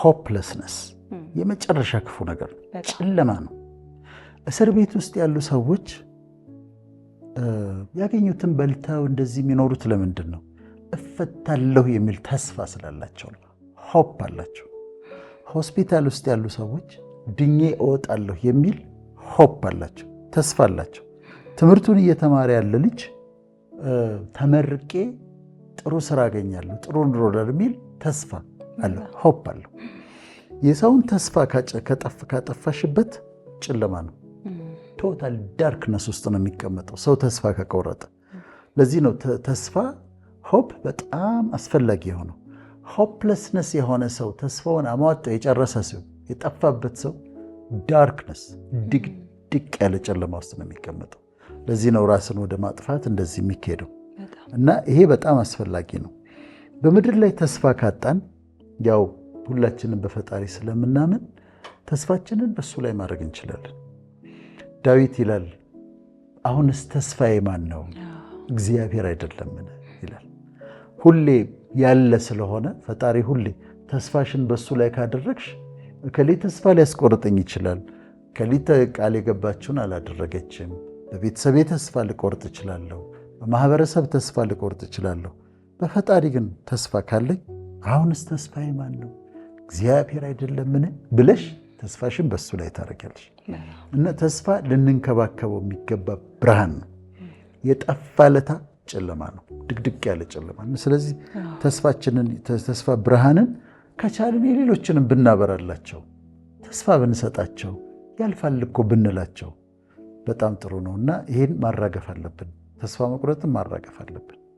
ሆፕለስነስ የመጨረሻ ክፉ ነገር ነው። ጨለማ ነው። እስር ቤት ውስጥ ያሉ ሰዎች ያገኙትን በልተው እንደዚህ የሚኖሩት ለምንድን ነው? እፈታለሁ የሚል ተስፋ ስላላቸው ሆፕ አላቸው። ሆስፒታል ውስጥ ያሉ ሰዎች ድኜ እወጣለሁ የሚል ሆፕ አላቸው፣ ተስፋ አላቸው። ትምህርቱን እየተማረ ያለ ልጅ ተመርቄ ጥሩ ስራ አገኛለሁ ጥሩ ኑሮ የሚል ተስፋ አለው፣ ሆፕ አለው። የሰውን ተስፋ ካጠፋሽበት ጨለማ ነው። ቶታል ዳርክነስ ውስጥ ነው የሚቀመጠው ሰው ተስፋ ከቆረጠ። ለዚህ ነው ተስፋ ሆፕ በጣም አስፈላጊ የሆነው። ሆፕለስነስ የሆነ ሰው ተስፋውን አሟጦ የጨረሰ ሰው የጠፋበት ሰው ዳርክነስ ድቅድቅ ያለ ጨለማ ውስጥ ነው የሚቀመጠው። ለዚህ ነው ራስን ወደ ማጥፋት እንደዚህ የሚካሄደው እና ይሄ በጣም አስፈላጊ ነው። በምድር ላይ ተስፋ ካጣን ያው ሁላችንም በፈጣሪ ስለምናምን ተስፋችንን በእሱ ላይ ማድረግ እንችላለን። ዳዊት ይላል አሁንስ ተስፋዬ ማን ነው? እግዚአብሔር አይደለምን ይላል። ሁሌ ያለ ስለሆነ ፈጣሪ ሁሌ ተስፋሽን በእሱ ላይ ካደረግሽ እከሌ ተስፋ ሊያስቆርጠኝ ይችላል፣ ከሊተ ቃል የገባችውን አላደረገችም፣ በቤተሰቤ ተስፋ ልቆርጥ እችላለሁ፣ በማህበረሰብ ተስፋ ልቆርጥ እችላለሁ። በፈጣሪ ግን ተስፋ ካለኝ አሁንስ ተስፋዬ ማን ነው እግዚአብሔር አይደለምን ብለሽ ተስፋሽን በሱ ላይ ታደርጊያለሽ። እና ተስፋ ልንንከባከበው የሚገባ ብርሃን ነው። የጠፋ ለታ ጨለማ ነው፣ ድቅድቅ ያለ ጨለማ ስለዚህ ተስፋችንን ተስፋ ብርሃንን ከቻልን የሌሎችንም ብናበራላቸው ተስፋ ብንሰጣቸው ያልፋል እኮ ብንላቸው በጣም ጥሩ ነው እና ይህን ማራገፍ አለብን። ተስፋ መቁረጥን ማራገፍ አለብን።